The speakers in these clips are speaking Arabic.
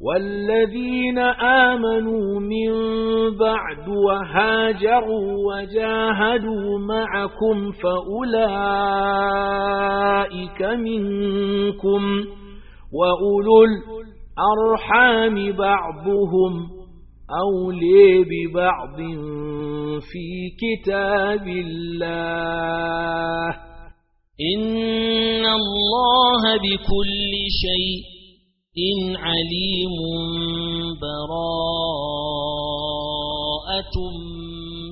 والذين آمنوا من بعد وهاجروا وجاهدوا معكم فأولئك منكم وأولو الأرحام بعضهم أولي ببعض في كتاب الله إن الله بكل شيء إن عليم براءة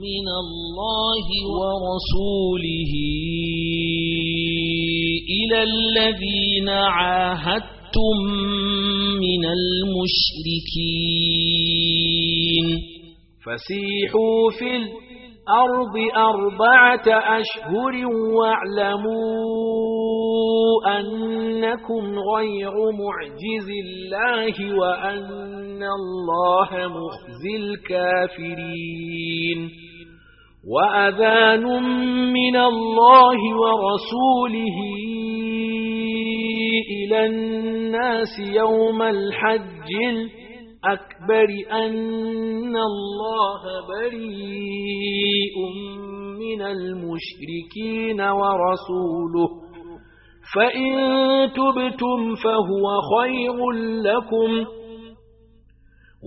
من الله ورسوله إلى الذين عاهدتم من المشركين فسيحوا في الأرض الأرض أربعة أشهر واعلموا أنكم غير معجز الله وأن الله مخزي الكافرين وأذان من الله ورسوله إلى الناس يوم الحج الحج أكبر أن الله بريء من المشركين ورسوله فإن تبتم فهو خير لكم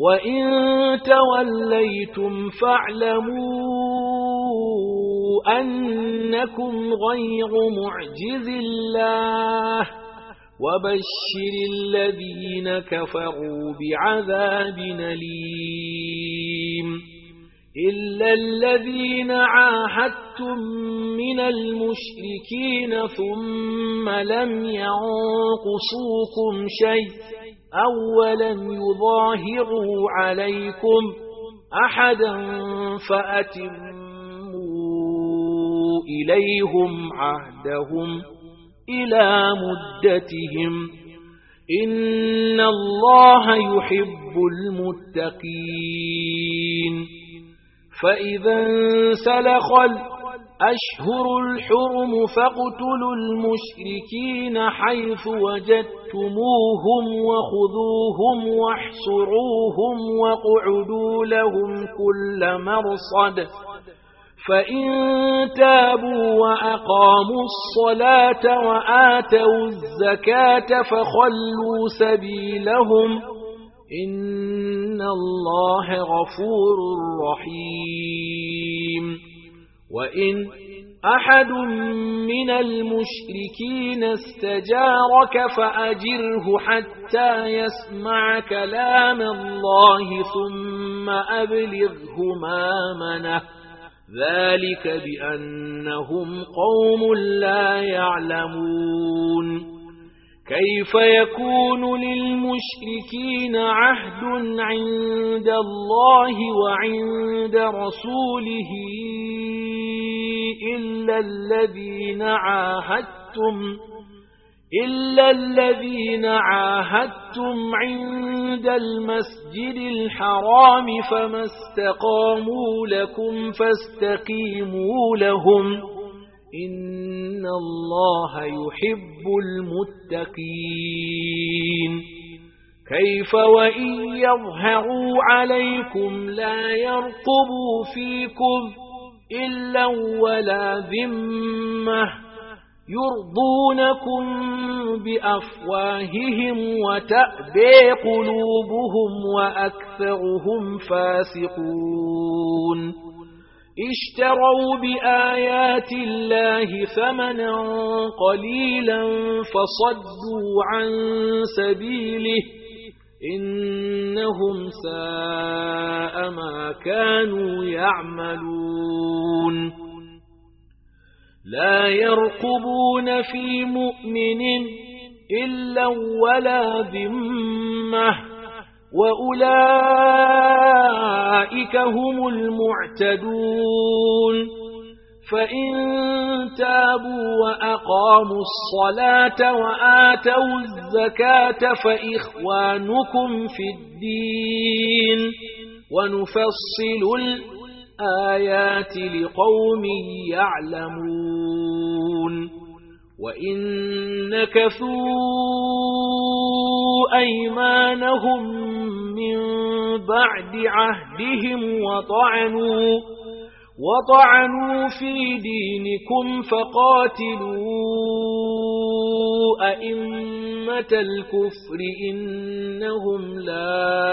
وإن توليتم فاعلموا أنكم غير معجز الله وبشر الذين كفروا بعذاب أليم إلا الذين عاهدتم من المشركين ثم لم ينقصوكم شيء أو لم يظاهروا عليكم أحدا فأتموا إليهم عهدهم إلى مدتهم إن الله يحب المتقين فإذا انسلخ الأشهر الحرم فاقتلوا المشركين حيث وجدتموهم وخذوهم واحصروهم واقعدوا لهم كل مرصد فإن تابوا وأقاموا الصلاة وآتوا الزكاة فخلوا سبيلهم إن الله غفور رحيم وإن أحد من المشركين استجارك فأجره حتى يسمع كلام الله ثم أبلغه مامنه ذلك بأنهم قوم لا يعلمون كيف يكون للمشركين عهد عند الله وعند رسوله إلا الذين عاهدتم إلا الذين عاهدتم عند المسجد الحرام فما استقاموا لكم فاستقيموا لهم إن الله يحب المتقين كيف وإن يظهروا عليكم لا يرقبوا فيكم إلا ولا ذمه يرضونكم بأفواههم وتأبي قلوبهم وأكثرهم فاسقون اشتروا بآيات الله ثمنا قليلا فصدوا عن سبيله إنهم ساء ما كانوا يعملون لا يرقبون في مؤمن إلا ولا ذمة وأولئك هم المعتدون فإن تابوا وأقاموا الصلاة وآتوا الزكاة فإخوانكم في الدين ونفصل الأمر الآيات لقوم يعلمون وإن نكثوا أيمانهم من بعد عهدهم وطعنوا وطعنوا في دينكم فقاتلوا أئمة الكفر إنهم لا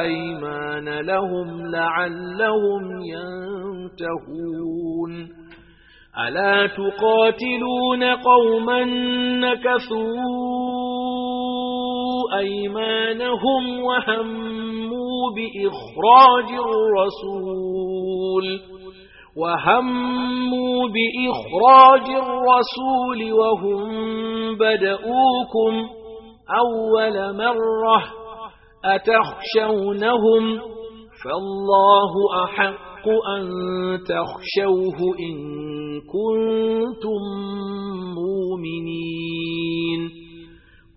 أيمان لهم لعلهم ينتهون ألا تقاتلون قوما نكثوا أيمانهم وهموا بإخراج الرسول وهموا بإخراج الرسول وهم بدؤوكم أول مرة أتخشونهم فالله أحق أن تخشوه إن كنتم مؤمنين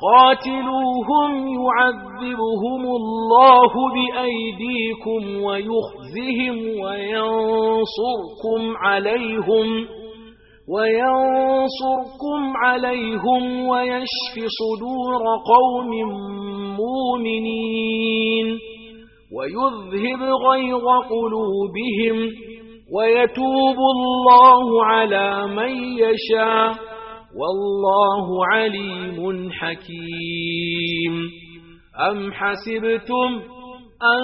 قاتلوهم يعذبهم الله بأيديكم ويخزهم وينصركم عليهم وينصركم عليهم ويشف صدور قوم مؤمنين ويذهب غيظ قلوبهم ويتوب الله على من يشاء والله عليم حكيم أم حسبتم أن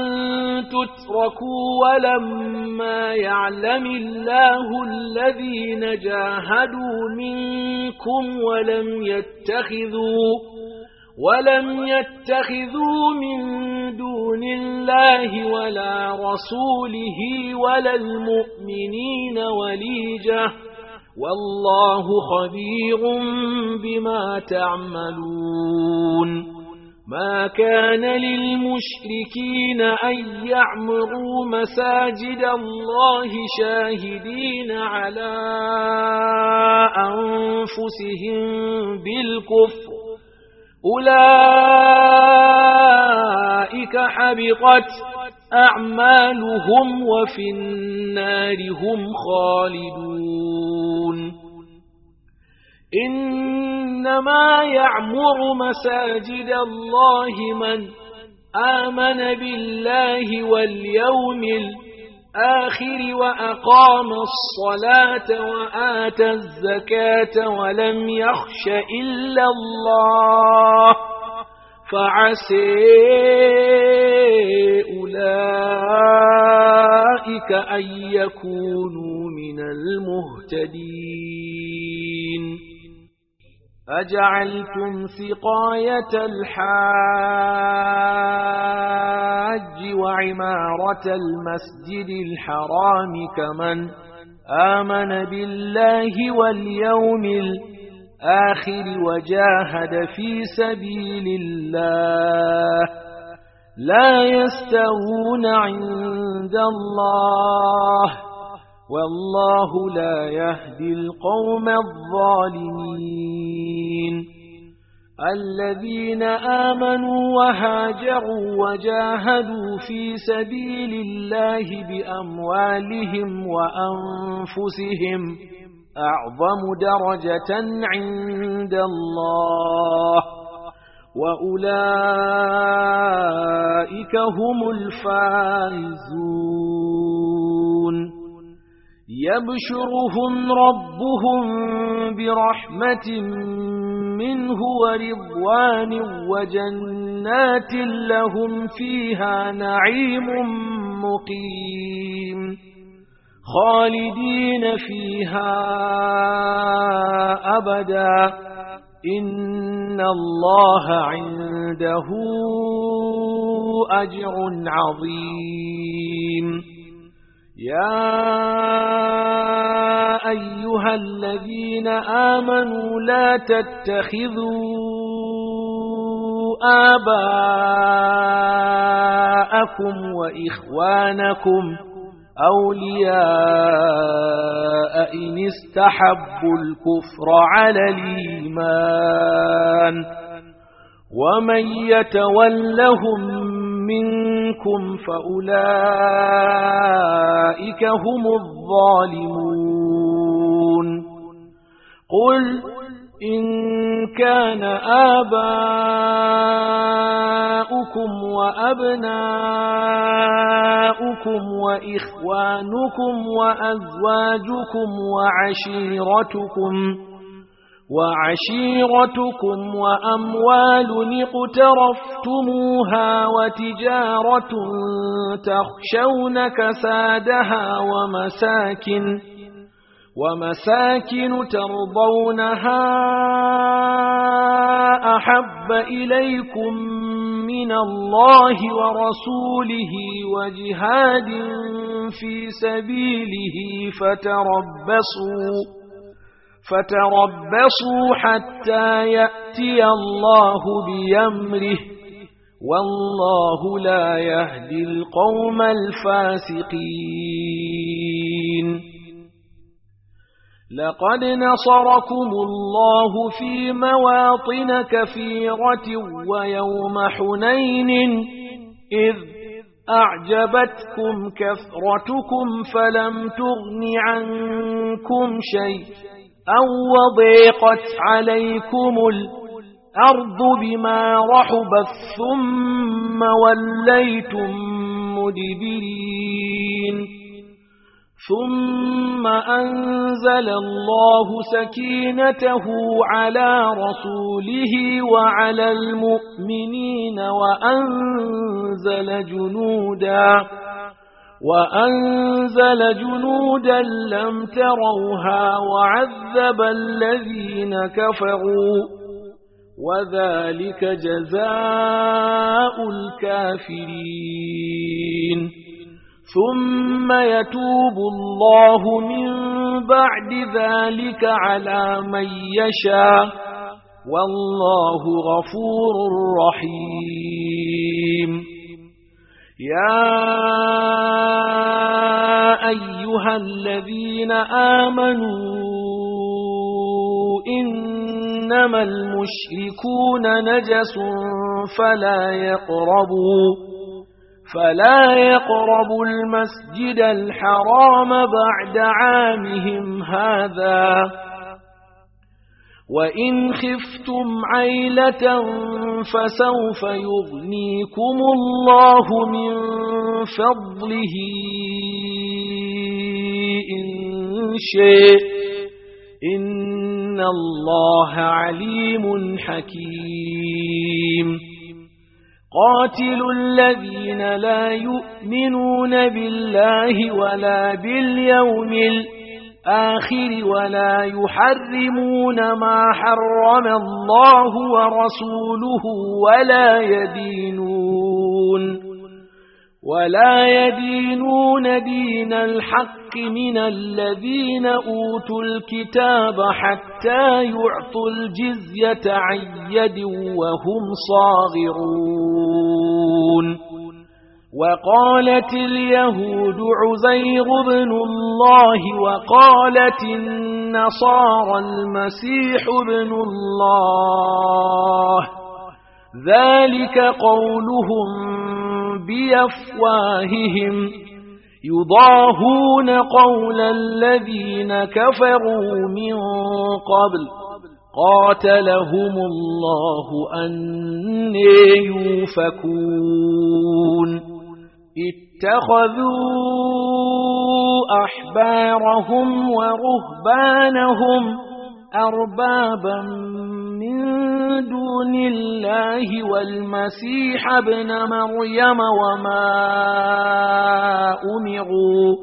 تتركوا ولما يعلم الله الذين جاهدوا منكم ولم يتخذوا ولم يتخذوا من دون الله ولا رسوله ولا المؤمنين وليجة والله خبير بما تعملون ما كان للمشركين أن يعمروا مساجد الله شاهدين على أنفسهم بالكفر أولئك حبطت أعمالهم وفي النار هم خالدون إنما يعمر مساجد الله من آمن بالله واليوم الآخر الآخر وأقام الصلاة وآتى الزكاة ولم يخش إلا الله فعسي أولئك أن يكونوا من المهتدين أجعلتم سقاية الحاج وعمارة المسجد الحرام كمن آمن بالله واليوم الآخر وجاهد في سبيل الله لا يستوون عند الله والله لا يهدي القوم الظالمين الذين آمنوا وهاجروا وجاهدوا في سبيل الله بأموالهم وأنفسهم أعظم درجة عند الله وأولئك هم الفائزون يبشرهم ربهم برحمة منه ورضوان وجنات لهم فيها نعيم مقيم خالدين فيها أبدا إن الله عنده أجر عظيم يا أيها الذين آمنوا لا تتخذوا آباءكم وإخوانكم أولياء إن استحبوا الكفر على الإيمان ومن يتولهم منكم فأولئك هم الظالمون قل إن كان آباؤكم وأبناؤكم وإخوانكم وأزواجكم وعشيرتكم وعشيرتكم وأموال اقترفتموها وتجارة تخشون كسادها ومساكن ومساكن ترضونها أحب إليكم من الله ورسوله وجهاد في سبيله فتربصوا فتربصوا حتى يأتي الله بأمره والله لا يهدي القوم الفاسقين لقد نصركم الله في مواطن كثيرة ويوم حنين إذ أعجبتكم كثرتكم فلم تغن عنكم شيء أو وضيقت عليكم الأرض بما رحبت ثم وليتم مدبرين ثم أنزل الله سكينته على رسوله وعلى المؤمنين وأنزل جنودا وأنزل جنودا لم تروها وعذب الذين كفروا وذلك جزاء الكافرين ثم يتوب الله من بعد ذلك على من يشاء والله غفور رحيم يا أيها الذين آمنوا إنما المشركون نجس فلا يقربوا فلا يقربوا المسجد الحرام بعد عامهم هذا وإن خفتم عيلة فسوف يغنيكم الله من فضله إن شيء إن الله عليم حكيم قاتلوا الذين لا يؤمنون بالله ولا باليوم الآخر ولا يحرمون ما حرم الله ورسوله ولا يدينون ولا يدينون دين الحق من الذين أوتوا الكتاب حتى يعطوا الجزية عن يد وهم صاغرون وقالت اليهود عزير بن الله وقالت النصارى المسيح بن الله ذلك قولهم بأفواههم يضاهون قول الذين كفروا من قبل قاتلهم الله أني يوفكون اتخذوا أحبارهم ورهبانهم أربابا من دون الله والمسيح ابن مريم وما أمروا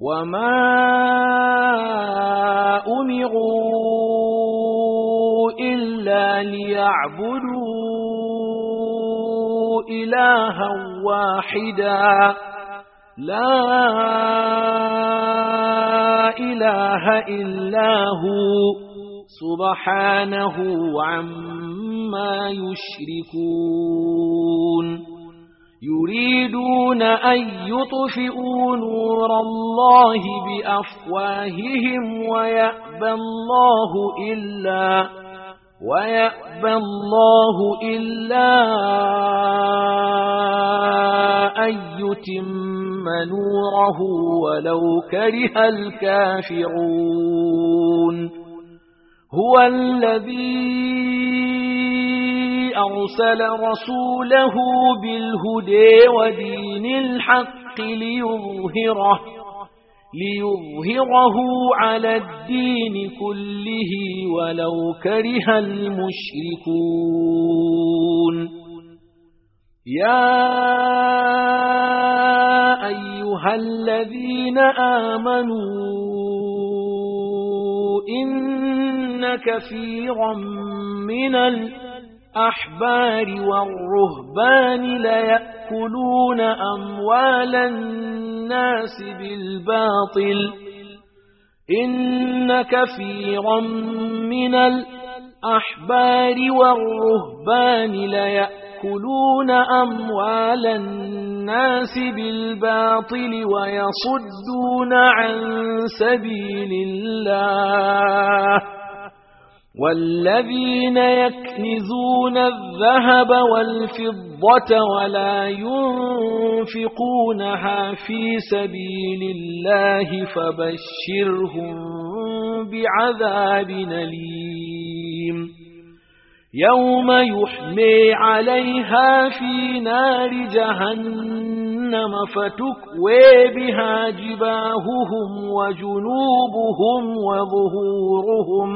وما أمروا إلا ليعبدوا إلها واحدا لا إله إلا هو سبحانه عما يشركون يريدون أن يطفئوا نور الله بأفواههم ويأبى الله إلا ويأبى الله إلا أن يتم نوره ولو كره الكافرون هو الذي أرسل رسوله بالهدى ودين الحق ليظهره ليظهره على الدين كله ولو كره المشركون يا أيها الذين آمنوا إن كثيرا من الأحبار والرهبان ليأكلون أموال الناس بالباطل إن كثيرا من الأحبار والرهبان ليأكلون أموال الناس بالباطل ويصدون عن سبيل الله والذين يكنزون الذهب والفضة ولا ينفقونها في سبيل الله فبشرهم بعذاب أليم يوم يحمي عليها في نار جهنم فتكوي بها جباههم وجنوبهم وظهورهم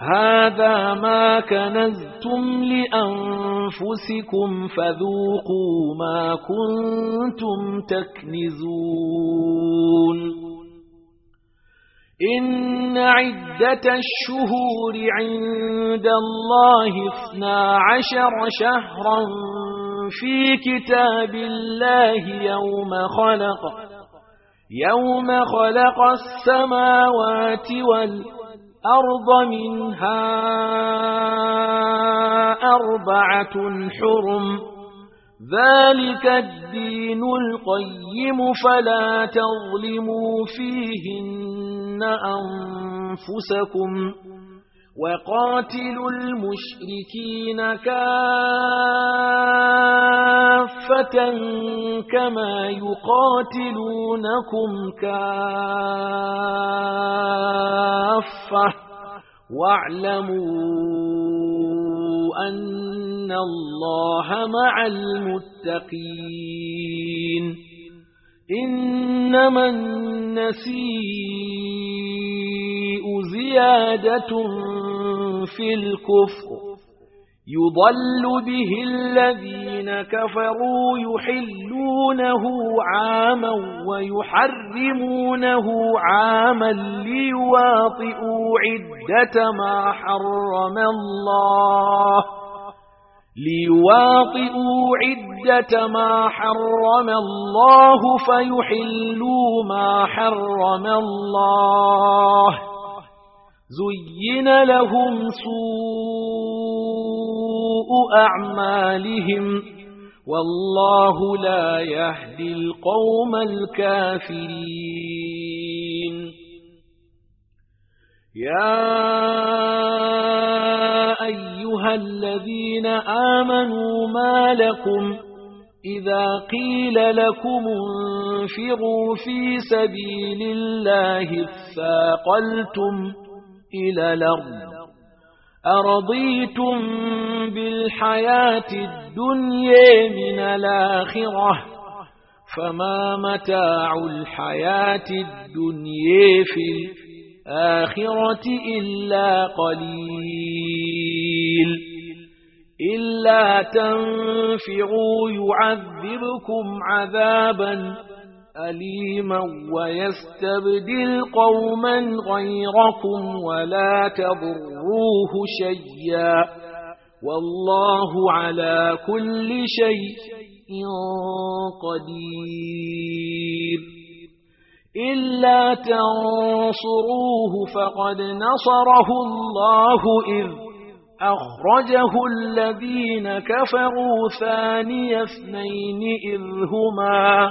هذا ما كنزتم لأنفسكم فذوقوا ما كنتم تكنزون إن عدة الشهور عند الله اثنا عشر شهرا في كتاب الله يوم خلق يوم خلق السماوات والأرض الأرض منها أربعة حرم ذلك الدين القيم فلا تظلموا فيهن أنفسكم وقاتلوا المشركين كافة كما يقاتلونكم كافة واعلموا أن الله مع المتقين إنما النسيء زيادة في الكفر يضل به الذين كفروا يحلونه عاما ويحرمونه عاما ليواطئوا عدة ما حرم الله ليواطئوا عدة ما حرم الله فيحلوا ما حرم الله زين لهم سوء أعمالهم والله لا يهدي القوم الكافرين يا أيها الذين آمنوا ما لكم إذا قيل لكم انفروا في سبيل الله اثاقلتم إلى الأرض أرضيتم بالحياة الدنيا من الآخرة فما متاع الحياة الدنيا في الآخرة الآخرة إلا قليل إلا تنفعوا يعذبكم عذابا أليما ويستبدل قوما غيركم ولا تضروه شيئا والله على كل شيء قدير إلا تنصروه فقد نصره الله إذ أخرجه الذين كفروا ثاني اثنين إذ هما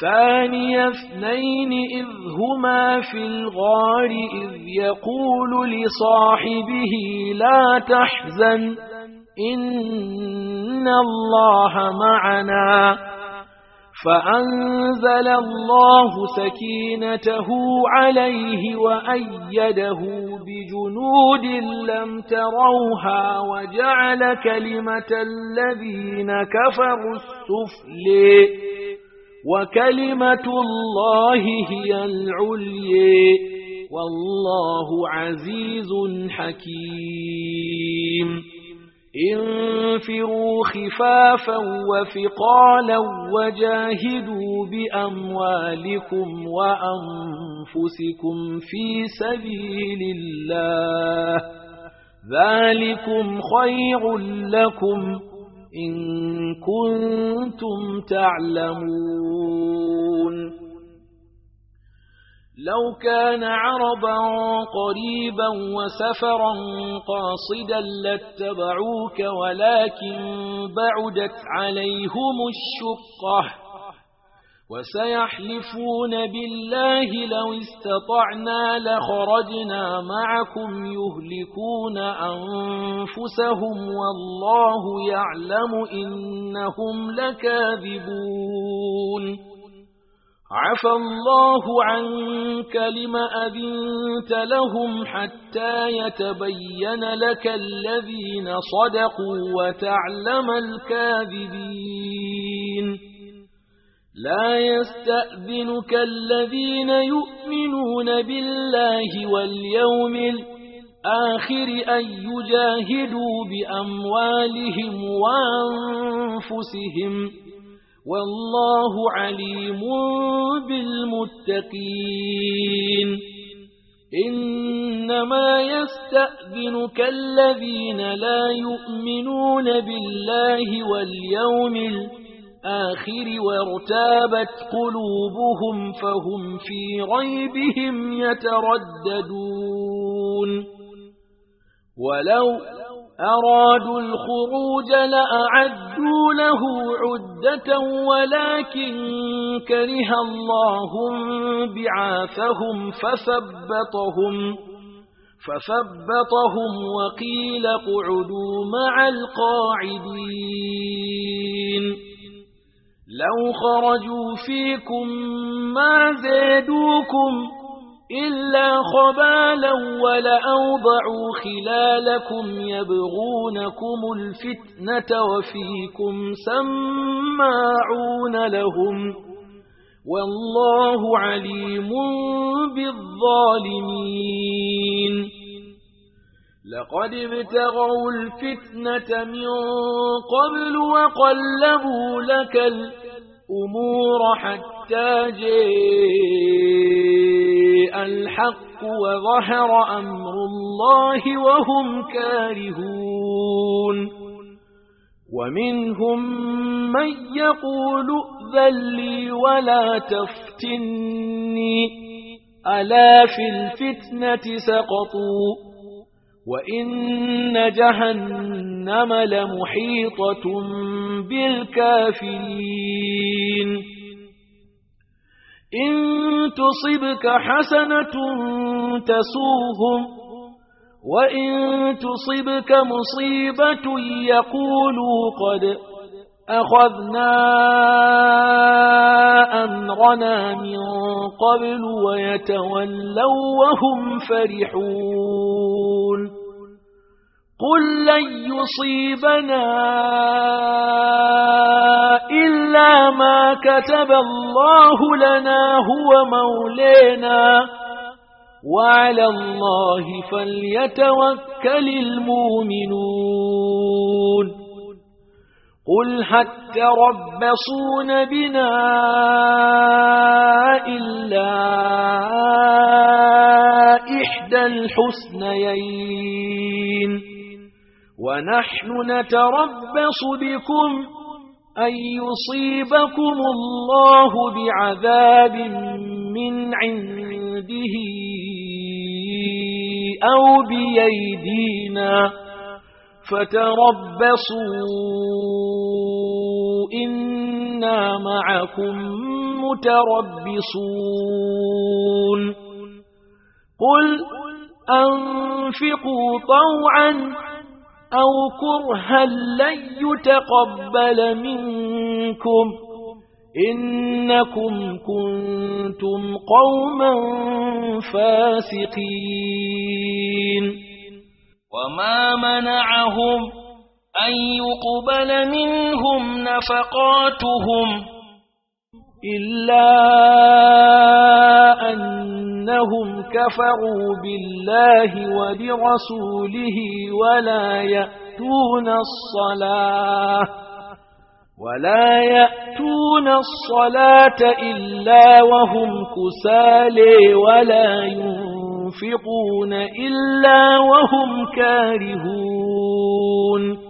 ثاني اثنين إذ هما في الغار إذ يقول لصاحبه لا تحزن إن الله معنا فأنزل الله سكينته عليه وأيده بجنود لم تروها وجعل كلمة الذين كفروا السفل وكلمة الله هي العلي والله عزيز حكيم انفروا خفافا وفقالا وجاهدوا بأموالكم وأنفسكم في سبيل الله ذلكم خير لكم إن كنتم تعلمون لو كان عربا قريبا وسفرا قاصدا لاتبعوك ولكن بعدت عليهم الشقة وسيحلفون بالله لو استطعنا لخرجنا معكم يهلكون أنفسهم والله يعلم إنهم لكاذبون عفى الله عنك لما أذنت لهم حتى يتبين لك الذين صدقوا وتعلم الكاذبين لا يستأذنك الذين يؤمنون بالله واليوم الآخر أن يجاهدوا بأموالهم وأنفسهم والله عليم بالمتقين إنما يستأذنك الذين لا يؤمنون بالله واليوم الآخر وارتابت قلوبهم فهم في ريبهم يترددون ولو أرادوا الخروج لأعدوا له عدة ولكن كره الله بعاثهم فثبطهم فثبطهم وقيل قعدوا مع القاعدين لو خرجوا فيكم ما زادوكم إلا خبالا ولأوضعوا خلالكم يبغونكم الفتنة وفيكم سماعون لهم والله عليم بالظالمين لقد ابتغوا الفتنة من قبل وقلبوا لك الفتنة الأمور حتى جاء الحق وظهر أمر الله وهم كارهون ومنهم من يقول ائذن لي ولا تفتني ألا في الفتنة سقطوا وإن جهنم لمحيطة بالكافرين إن تصبك حسنة تسوهم وإن تصبك مصيبة يقولوا قد أخذنا أمرنا من قبل ويتولوا وهم فرحون قل لن يصيبنا إلا ما كتب الله لنا هو مولينا وعلى الله فليتوكل المؤمنون قل حتى ربصون بنا إلا إحدى الحسنيين ونحن نتربص بكم أن يصيبكم الله بعذاب من عنده أو بيدينا فتربصوا إنا معكم متربصون قل أنفقوا طوعا أو كرها لن يتقبل منكم إنكم كنتم قوما فاسقين وما منعهم أن يقبل منهم نفقاتهم إلا أن أنهم كفروا بالله وبرسوله ولا يأتون الصلاة ولا يأتون الصلاة إلا وهم كسالي ولا ينفقون إلا وهم كارهون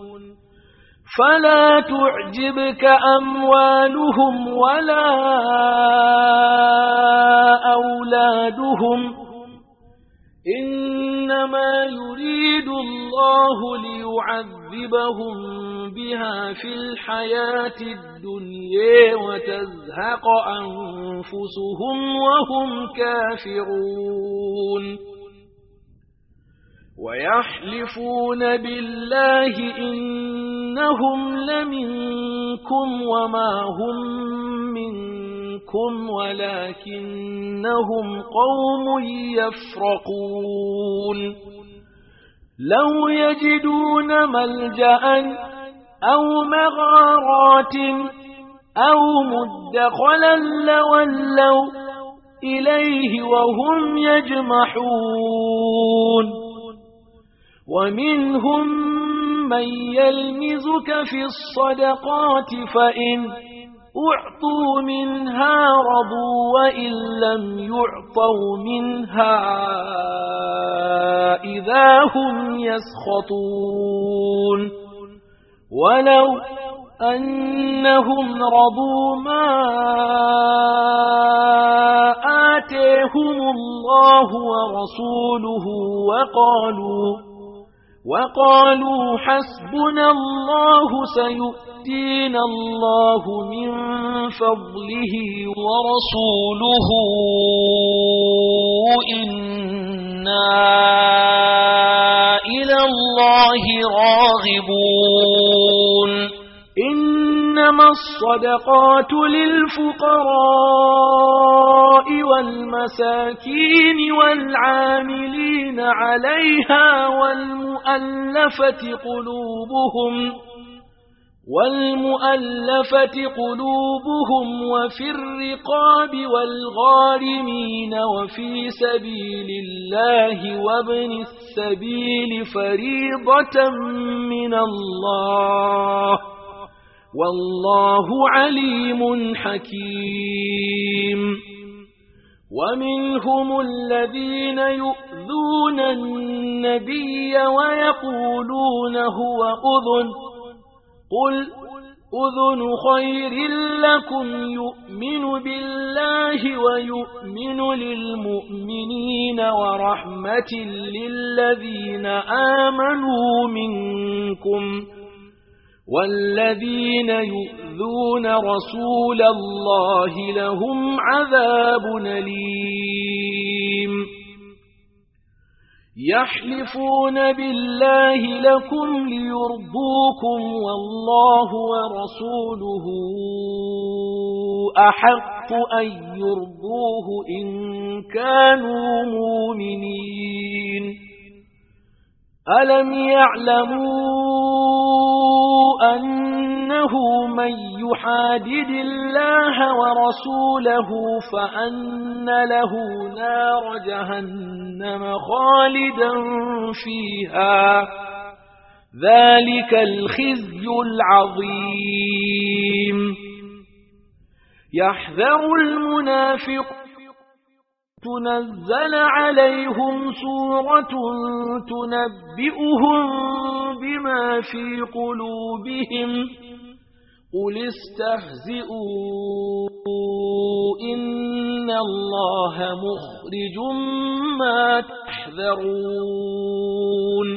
فلا تعجبك أموالهم ولا أولادهم إنما يريد الله ليعذبهم بها في الحياة الدنيا وتزهق أنفسهم وهم كافرون ويحلفون بالله إنهم لمنكم وما هم منكم ولكنهم قوم يفرقون لو يجدون ملجأ أو مغارات أو مدخلا لولوا إليه وهم يجمحون ومنهم من يلمزك في الصدقات فإن أعطوا منها رضوا وإن لم يعطوا منها إذا هم يسخطون ولو أنهم رضوا ما آتيهم الله ورسوله وقالوا وقالوا حسبنا الله سيؤتينا الله من فضله ورسوله إنا إلى الله راغبون إنما الصدقات للفقراء والمساكين والعاملين عليها والمؤلفة قلوبهم والمؤلفة قلوبهم وفي الرقاب والغارمين وفي سبيل الله وابن السبيل فريضة من الله والله عليم حكيم ومنهم الذين يؤذون النبي ويقولون هو أذن قل أذن خير لكم يؤمن بالله ويؤمن للمؤمنين ورحمة للذين آمنوا منكم والذين يؤذون رسول الله لهم عذاب أليم يحلفون بالله لكم ليرضوكم والله ورسوله أحق أن يرضوه إن كانوا مؤمنين ألم يعلموا أنه من يحادد الله ورسوله فأن له نار جهنم خالدا فيها ذلك الخزي العظيم يحذر الْمُنَافِقُونَ تنزل عليهم سورة تنبئهم بما في قلوبهم قل استهزئوا إن الله مخرج ما تحذرون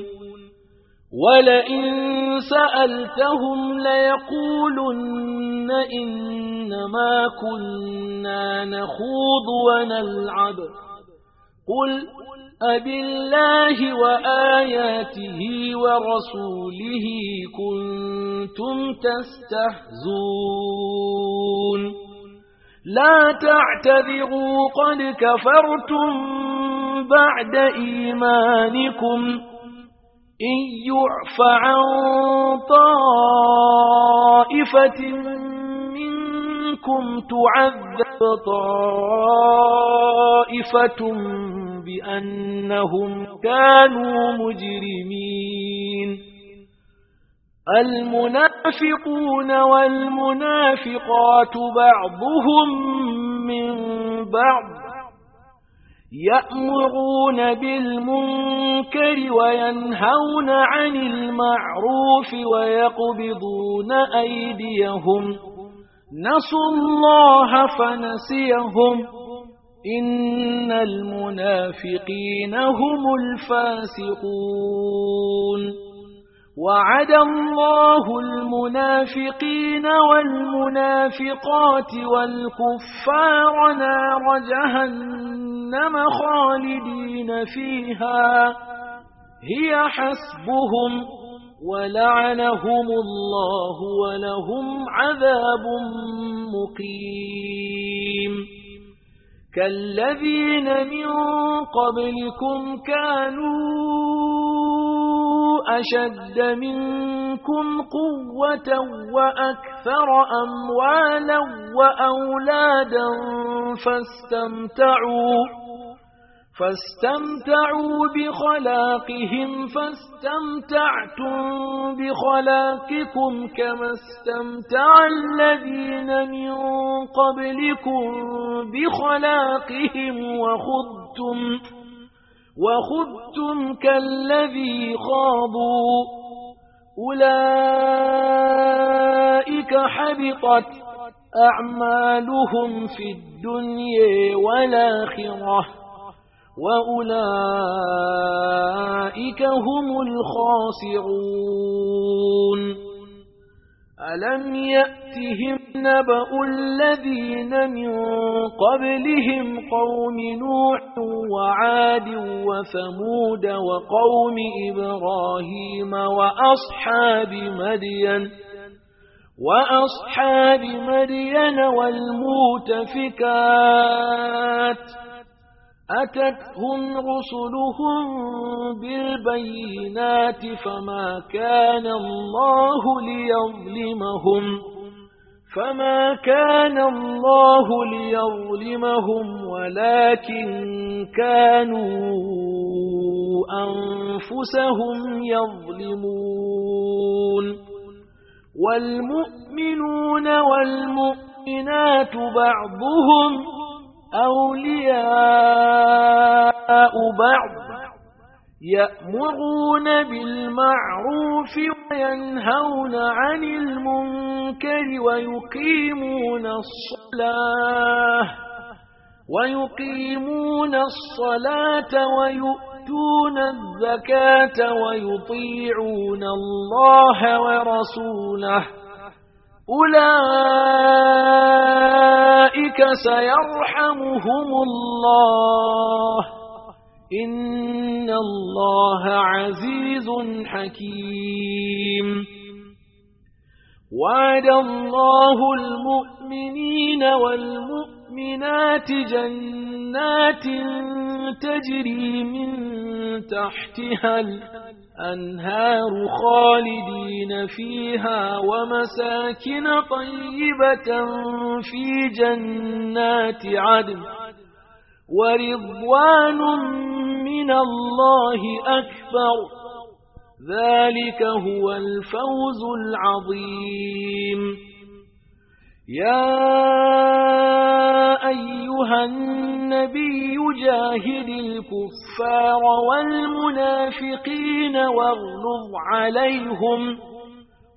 ولئن سألتهم ليقولن إنما كنا نخوض ونلعب قل أب الله وآياته ورسوله كنتم تستهزون لا تعتذروا قد كفرتم بعد إيمانكم إن يعف عن طائفة منكم تعذب طائفة بأنهم كانوا مجرمين المنافقون والمنافقات بعضهم من بعض يأمرون بالمنكر وينهون عن المعروف ويقبضون أيديهم نسوا الله فنسيهم إن المنافقين هم الفاسقون وعد الله المنافقين والمنافقات والكفار نار جهنم خالدين فيها هي حسبهم ولعنهم الله ولهم عذاب مقيم كالذين من قبلكم كانوا أشد منكم قوة وأكثر أموالا وأولادا فاستمتعوا فاستمتعوا بخلاقهم فاستمتعتم بخلاقكم كما استمتع الذين من قبلكم بخلاقهم وخذتم وخذتم كالذي خاضوا أولئك حبطت أعمالهم في الدنيا والآخرة وأولئك هم الخاسرون ألم يأتهم نبأ الذين من قبلهم قوم نوح وعاد وثمود وقوم إبراهيم وأصحاب مدين وأصحاب مدين والمؤتفكات أتتهم رسلهم بالبينات فما كان الله ليظلمهم فما كان الله ليظلمهم ولكن كانوا أنفسهم يظلمون والمؤمنون والمؤمنات بعضهم أولياء بعض يأمرون بالمعروف وينهون عن المنكر ويقيمون الصلاة ويقيمون الصلاة ويؤتون الزكاة ويطيعون الله ورسوله أولئك سيرحمهم الله إن الله عزيز حكيم وعد الله المؤمنين والمؤمنات جنات تجري من تحتها الأنهار خالدين فيها ومساكن طيبة في جنات عدن ورضوان من الله أكبر ذلك هو الفوز العظيم يا أيها النبي جاهد الكفار والمنافقين واغلظ عليهم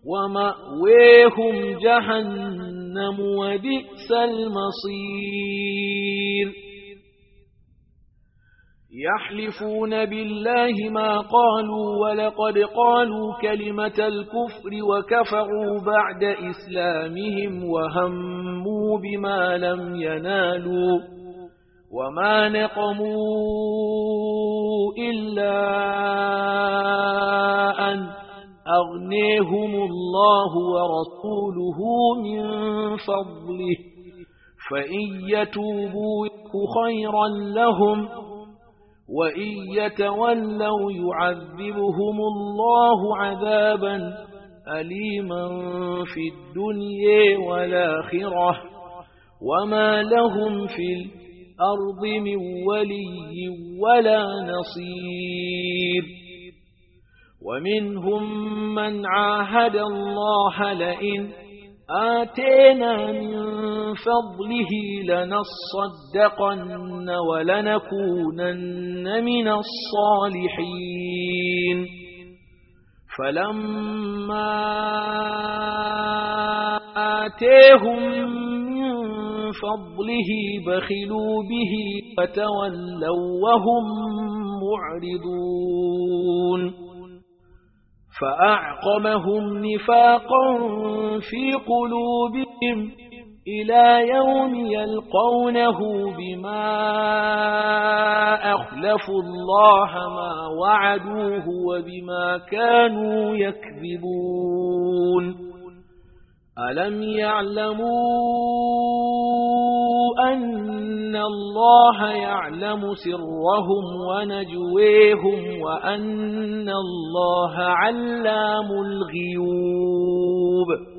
ومأويهم جهنم وبئس المصير يحلفون بالله ما قالوا ولقد قالوا كلمة الكفر وكفروا بعد إسلامهم وهموا بما لم ينالوا وما نقموا إلا أن أغنيهم الله ورسوله من فضله فإن يتوبوا خيرا لهم وإن يتولوا يعذبهم الله عذابا أليما في الدنيا والآخرة وما لهم في الأرض من ولي ولا نصير ومنهم من عاهد الله لئن آتينا من فضله لنصدقن ولنكونن من الصالحين فلما آتيهم من فضله بخلوا به فتولوا وهم معرضون فأعقمهم نفاقا في قلوبهم إلى يوم يلقونه بما أخلفوا الله ما وعدوه وبما كانوا يكذبون ألم يعلموا أن الله يعلم سرهم ونجويهم وأن الله علام الغيوب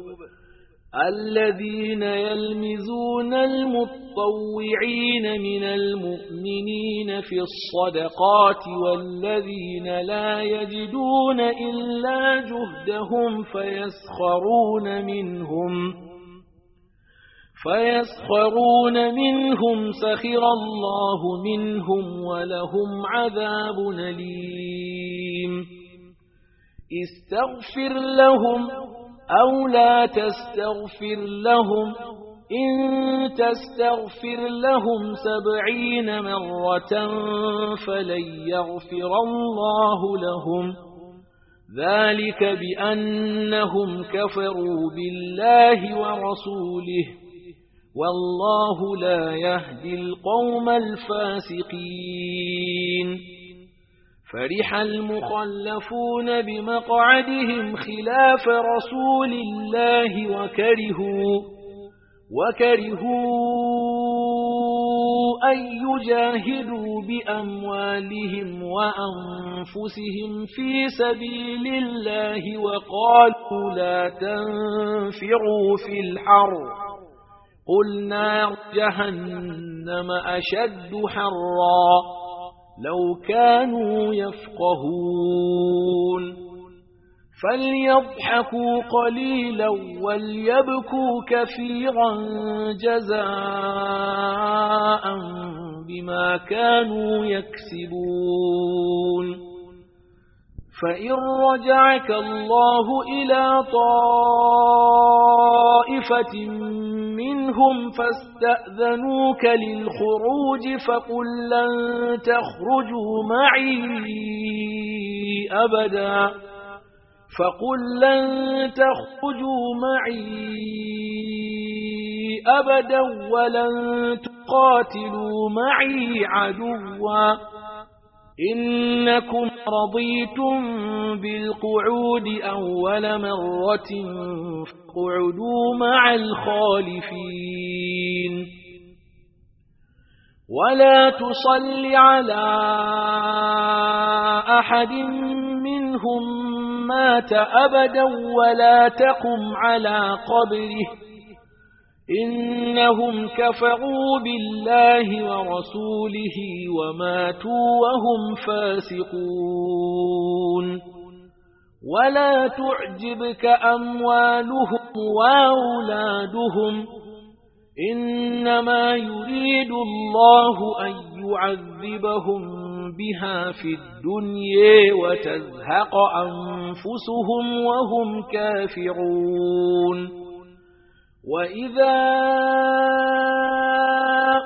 الذين يلمزون المطوعين من المؤمنين في الصدقات والذين لا يجدون إلا جهدهم فيسخرون منهم فيسخرون منهم سخر الله منهم ولهم عذاب أليم استغفر لهم أو لا تستغفر لهم إن تستغفر لهم سبعين مرة فلن يغفر الله لهم ذلك بأنهم كفروا بالله ورسوله والله لا يهدي القوم الفاسقين فرح المخلفون بمقعدهم خلاف رسول الله وكرهوا وكرهوا أن يجاهدوا بأموالهم وأنفسهم في سبيل الله وقالوا لا تنفروا في الحر قل نار جهنم أشد حرا لو كانوا يفقهون فليضحكوا قليلا وليبكوا كثيرا جزاء بما كانوا يكسبون فإن رجعك الله إلى طائفة منهم فاستأذنوك للخروج فقل لن تخرجوا معي أبدا فقل لن تخرجوا معي أبدا ولن تقاتلوا معي عدواً إنكم رضيتم بالقعود أول مرة فاقعدوا مع الخالفين ولا تصل على أحد منهم مات أبدا ولا تقم على قبره إنهم كفروا بالله ورسوله وماتوا وهم فاسقون ولا تعجبك أموالهم وأولادهم إنما يريد الله أن يعذبهم بها في الدنيا وتزهق أنفسهم وهم كافرون وإذا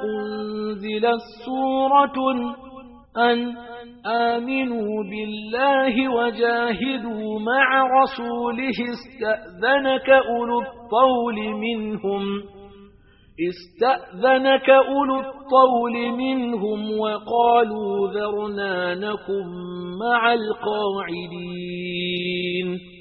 أنزلت سورة أن آمنوا بالله وجاهدوا مع رسوله استأذنك أولو الطول منهم استأذنك أولو الطول منهم وقالوا ذرنا نكن مع القاعدين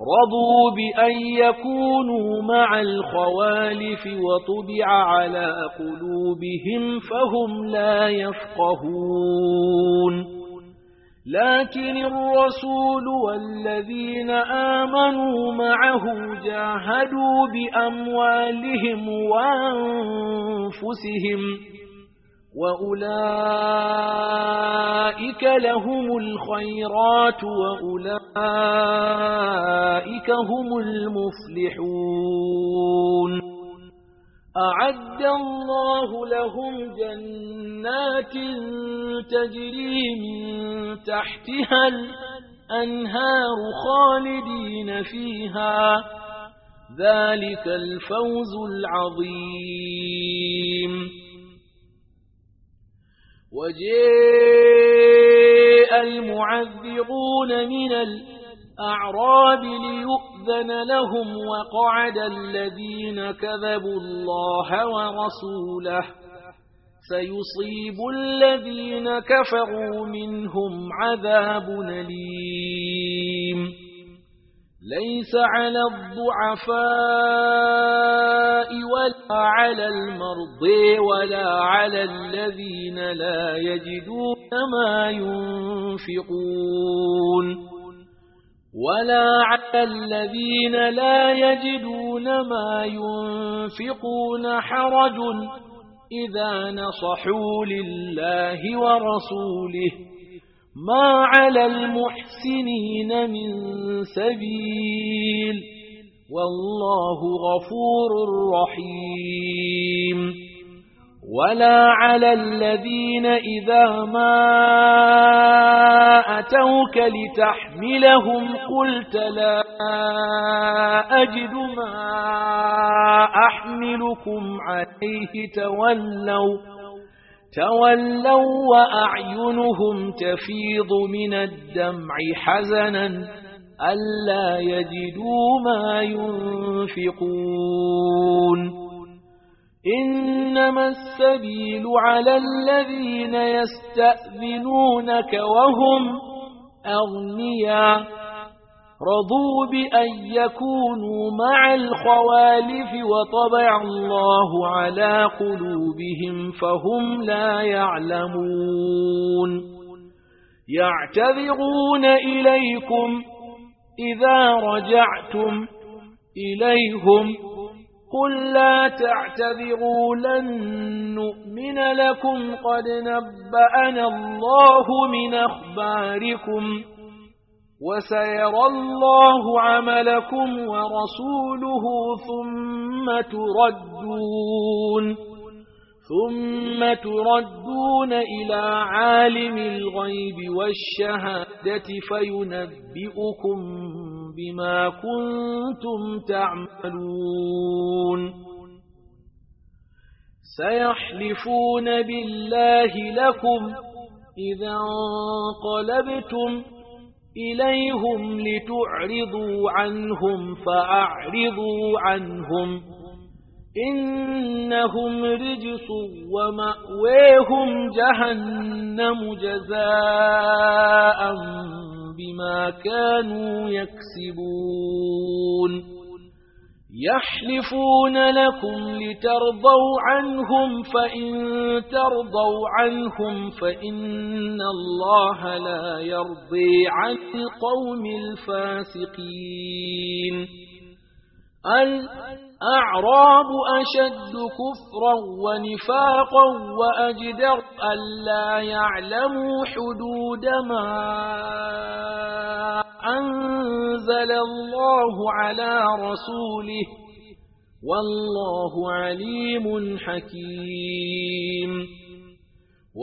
رضوا بأن يكونوا مع الخوالف وطبع على قلوبهم فهم لا يفقهون لكن الرسول والذين آمنوا معه جاهدوا بأموالهم وأنفسهم وأولئك لهم الخيرات وأولئك هم المفلحون أعد الله لهم جنات تجري من تحتها الأنهار خالدين فيها ذلك الفوز العظيم وجاء المعذرون من الأعراب ليؤذن لهم وقعد الذين كذبوا الله ورسوله سيصيب الذين كفروا منهم عذاب أليم ليس على الضعفاء ولا على المرض ولا على الذين لا يجدون ما ينفقون ولا على الذين لا يجدون ما ينفقون حرج إذا نصحوا لله ورسوله ما على المحسنين من سبيل والله غفور رحيم ولا على الذين إذا ما أتوك لتحملهم قلت لا أجد ما أحملكم عليه تولوا تولوا وأعينهم تفيض من الدمع حزنا ألا يجدوا ما ينفقون إنما السبيل على الذين يستأذنونك وهم أغنياء رضوا بأن يكونوا مع الخوالف وطبع الله على قلوبهم فهم لا يعلمون يعتذرون إليكم إذا رجعتم إليهم قل لا تعتذروا لن نؤمن لكم قد نبأنا الله من أخباركم وسيرى الله عملكم ورسوله ثم تردون ثم تردون إلى عالم الغيب والشهادة فينبئكم بما كنتم تعملون سيحلفون بالله لكم إذا انقلبتم إليهم لتعرضوا عنهم فأعرضوا عنهم إنهم رجس ومأويهم جهنم جزاء بما كانوا يكسبون يحلفون لكم لترضوا عنهم فإن ترضوا عنهم فإن الله لا يرضي عن القوم الفاسقين الأعراب أشد كفرا ونفاقا وأجدر ألا يعلموا حدود ما أنزل الله على رسوله والله عليم حكيم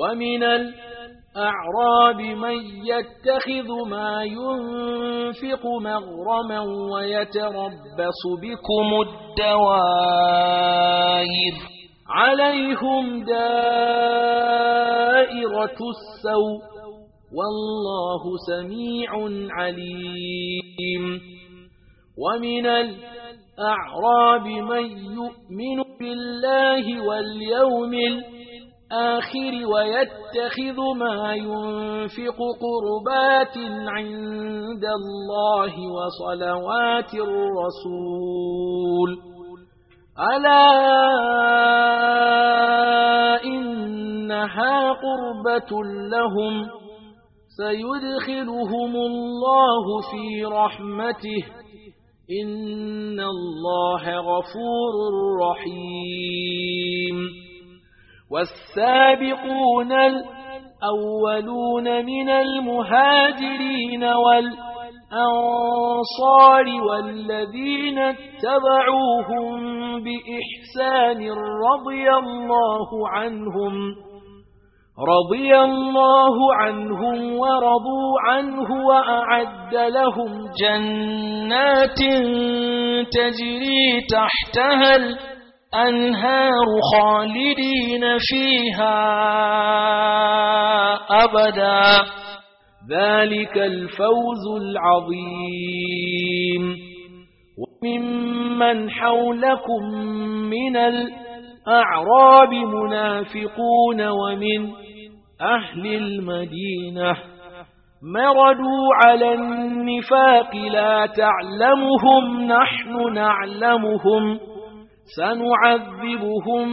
ومن الأعراب الأعراب من يتخذ ما ينفق مغرما ويتربص بكم الدوائر عليهم دائرة السوء والله سميع عليم ومن الأعراب من يؤمن بالله واليوم الآخر الآخر ويتخذ ما ينفق قربات عند الله وصلوات الرسول ألا إنها قربة لهم سيدخلهم الله في رحمته إن الله غفور رحيم والسابقون الأولون من المهاجرين والأنصار والذين اتبعوهم بإحسان رضي الله عنهم رضي الله عنهم ورضوا عنه وأعد لهم جنات تجري تحتها الأرض أنهار خالدين فيها أبدا ذلك الفوز العظيم وممن حولكم من الأعراب منافقون ومن أهل المدينة مردوا على النفاق لا تعلمهم نحن نعلمهم سنعذبهم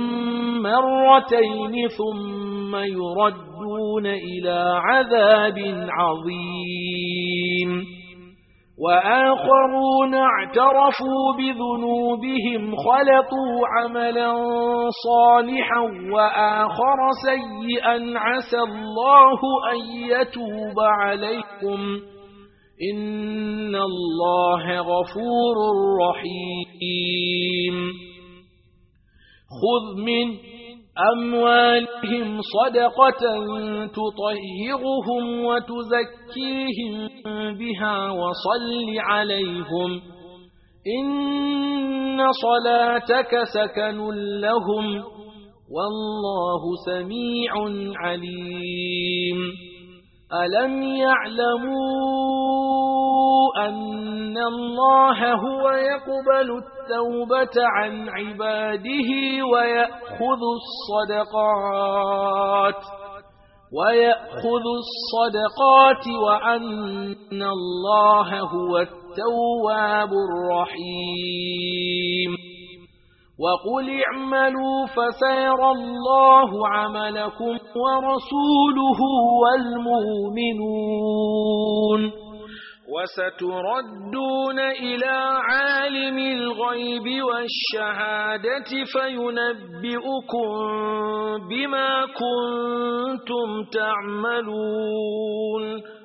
مرتين ثم يردون إلى عذاب عظيم وآخرون اعترفوا بذنوبهم خلطوا عملا صالحا وآخر سيئا عسى الله أن يتوب عليكم إن الله غفور رحيم خذ من أموالهم صدقة تطهرهم وتزكيهم بها وصل عليهم إن صلاتك سكن لهم والله سميع عليم ألم يعلموا أن الله هو يقبل التوبة عن عباده ويأخذ الصدقات ويأخذ الصدقات وأن الله هو التواب الرحيم وقل اعملوا فسيرى الله عملكم ورسوله والمؤمنون وستردون إلى عالم الغيب والشهادة فينبئكم بما كنتم تعملون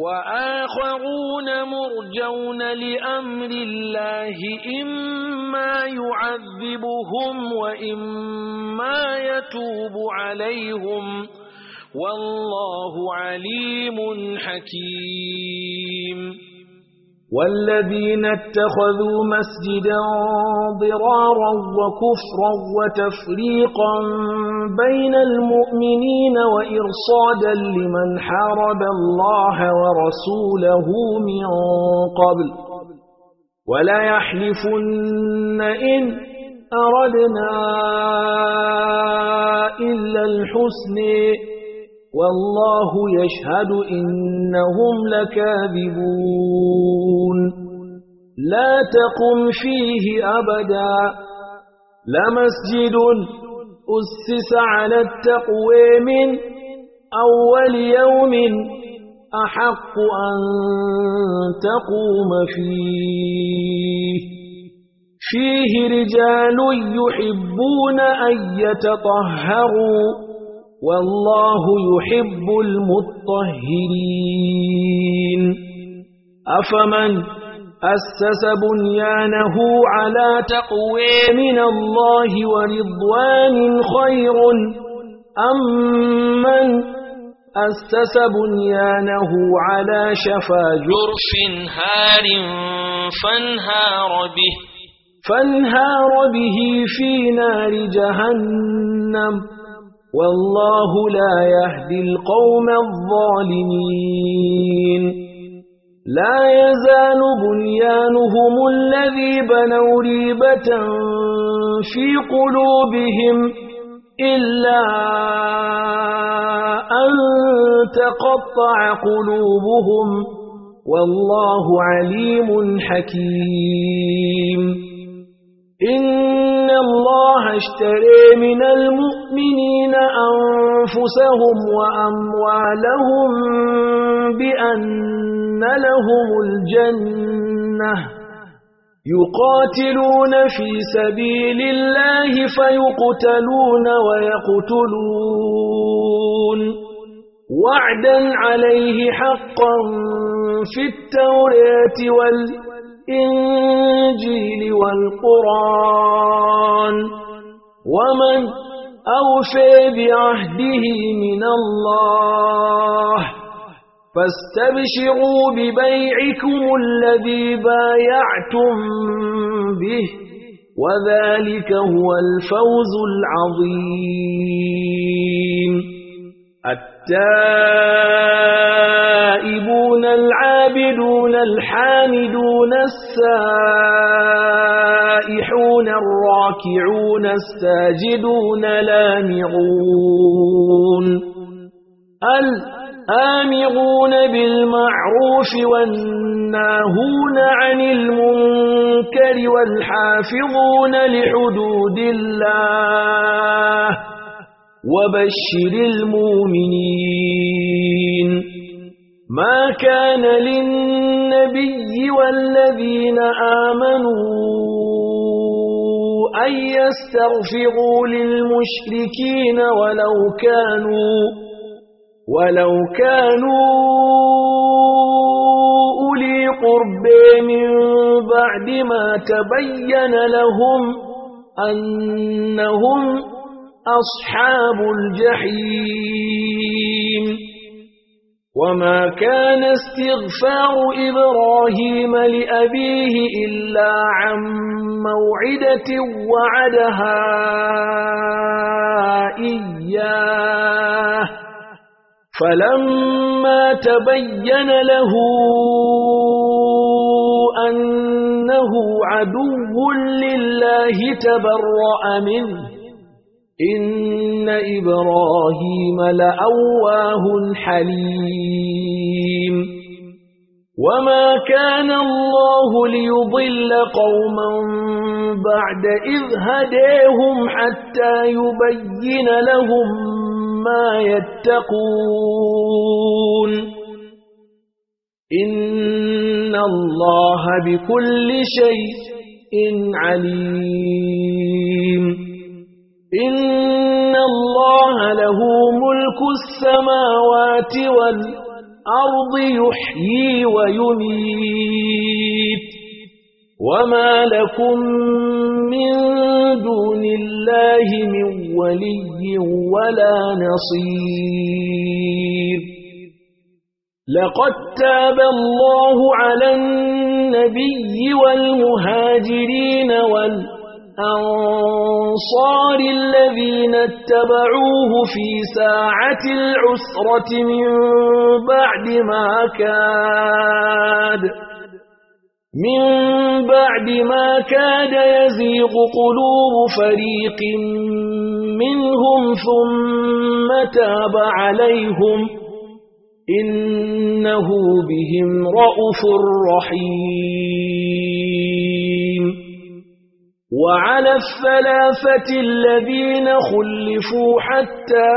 وآخرون مرجون لأمر الله إما يعذبهم وإما يتوب عليهم والله عليم حكيم والذين اتخذوا مسجدا ضرارا وكفرا وتفريقا بين المؤمنين وإرصادا لمن حارب الله ورسوله من قبل ولا يحلفن إن أردنا إلا الحسن والله يشهد إنهم لكاذبون لا تقم فيه أبدا لمسجد أسس على التقوى من أول يوم أحق أن تقوم فيه فيه رجال يحبون أن يتطهروا والله يحب المطهرين أفمن أسس بنيانه على تقوى من الله ورضوان خير أم من أسس بنيانه على شفا جرف هار فانهار به فانهار به في نار جهنم والله لا يهدي القوم الظالمين لا يزال بنيانهم الذي بنوا ريبة في قلوبهم إلا أن تقطع قلوبهم والله عليم حكيم إن الله اشتري من المؤمنين أنفسهم وأموالهم بأن لهم الجنة يقاتلون في سبيل الله فيقتلون ويقتلون وعدا عليه حقا في التوراة والإنسان الإنجيل والقرآن ومن أوفي بعهده من الله فاستبشروا ببيعكم الذي بايعتم به وذلك هو الفوز العظيم التائبون العظيم العابدون الحامدون السائحون الراكعون الساجدون لامعون الآمرون بالمعروف والناهون عن المنكر والحافظون لحدود الله وبشر المؤمنين ما كان للنبي والذين آمنوا أن يستغفروا للمشركين ولو كانوا ولو كانوا أولي قرب من بعد ما تبين لهم أنهم أصحاب الجحيم وما كان استغفار إبراهيم لأبيه إلا عن موعدة وعدها إياه فلما تبين له أنه عدو لله تبرأ منه إن إبراهيم لأواه حليم وما كان الله ليضل قوما بعد إذ هديهم حتى يبين لهم ما يتقون إن الله بكل شيء عليم إن الله له ملك السماوات والأرض يحيي ويميت وما لكم من دون الله من ولي ولا نصير لقد تاب الله على النبي والمهاجرين والأرض أنصار الذين اتبعوه في ساعة العسرة من بعد ما كاد من بعد ما كاد يزيغ قلوب فريق منهم ثم تاب عليهم إنه بهم رأف رحيم وعلى الثلاثة الذين خلفوا حتى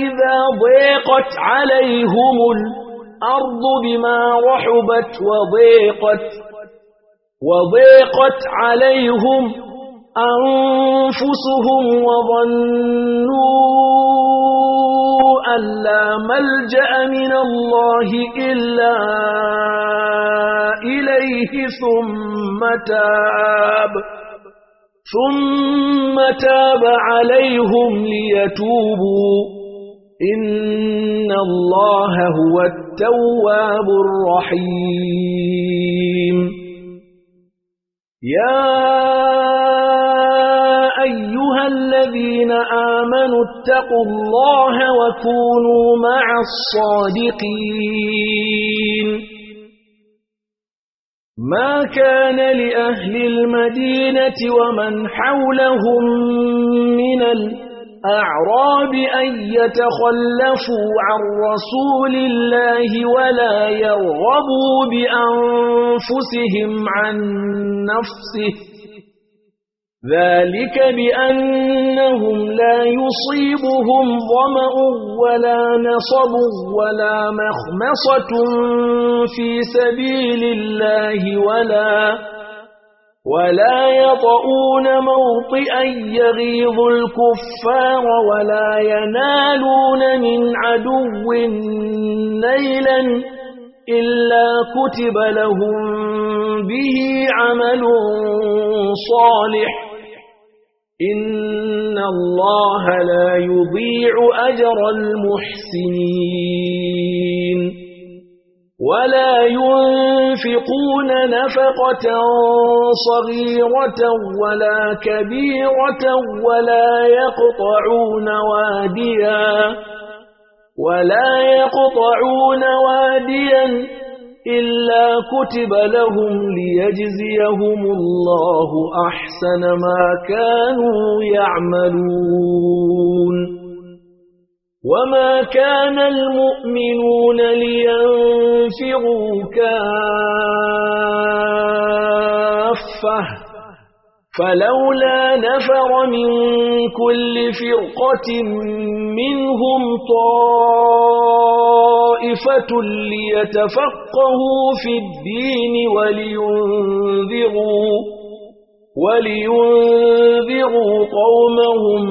إذا ضيقت عليهم الأرض بما رحبت وضيقت وضيقت عليهم أنفسهم وظنوا أن لا ملجأ من الله إلا إليه ثم تاب ثم تاب عليهم ليتوبوا إن الله هو التواب الرحيم يا أيها الذين آمنوا اتقوا الله وكونوا مع الصادقين ما كان لأهل المدينة ومن حولهم من الأعراب أن يتخلفوا عن رسول الله ولا يرغبوا بأنفسهم عن نفسه ذلك بأنهم لا يصيبهم ظمأ ولا نصب ولا مخمصة في سبيل الله ولا ولا يطؤون موطئا يغيظ الكفار ولا ينالون من عدو نيلا إلا كتب لهم به عمل صالح إن الله لا يضيع أجر المحسنين ولا ينفقون نفقة صغيرة ولا كبيرة ولا يقطعون واديا ولا يقطعون واديا إلا كتب لهم ليجزيهم الله أحسن ما كانوا يعملون وما كان المؤمنون لينفروا كافة فلولا نفر من كل فرقة منهم طائفة ليتفقهوا في الدين ولينذروا, ولينذروا قومهم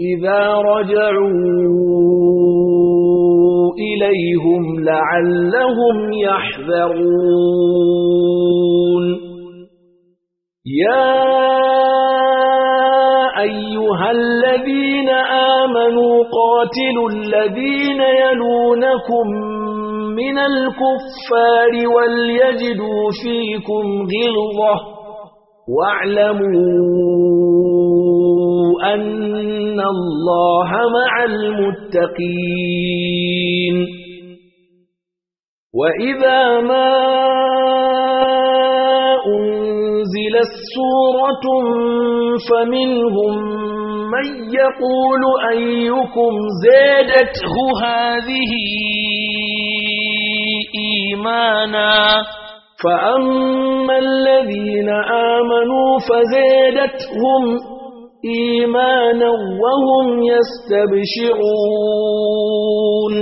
إذا رجعوا إليهم لعلهم يحذرون يا أيها الذين آمنوا قاتلوا الذين يلونكم من الكفار وليجدوا فيكم غلظة واعلموا أن الله مع المتقين وإذا ما أنزلت سورة فمنهم من يقول أيكم زادته هذه إيمانا فأما الذين آمنوا فزادتهم إيمانا وهم يستبشرون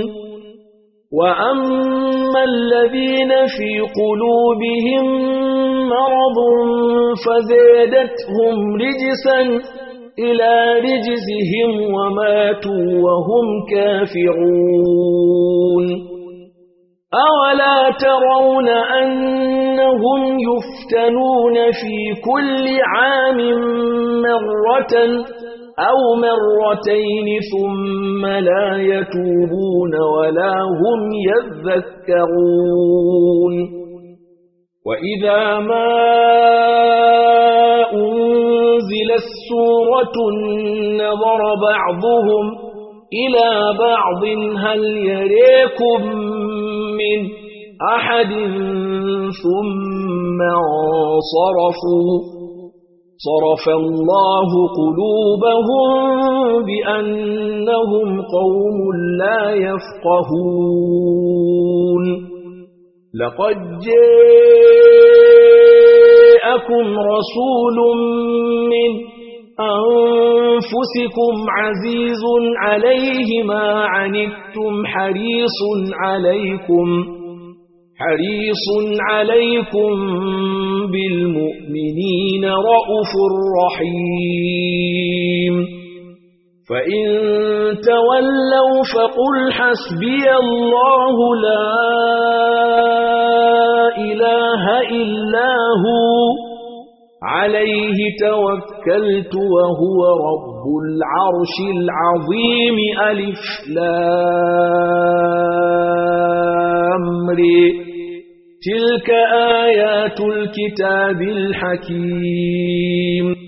وأما الذين في قلوبهم مرض فزادتهم رجسا إلى رجزهم وماتوا وهم كافرون أولا ترون أنهم يفتنون في كل عام مرة أو مرتين ثم لا يتوبون ولا هم يذكرون وإذا ما أنزل السورة نظر بعضهم إلى بعض هل يريكم من أحد ثم انصرفوا صرف الله قلوبهم بأنهم قوم لا يفقهون لقد جاءكم رسول من أنفسكم عزيز عليه ما عنتم حريص عليكم حريص عليكم بالمؤمنين رؤوف رحيم فإن تولوا فقل حسبي الله لا إله إلا هو عليه توكلت وهو رب العرش العظيم ألف لامرئ تلك آيات الكتاب الحكيم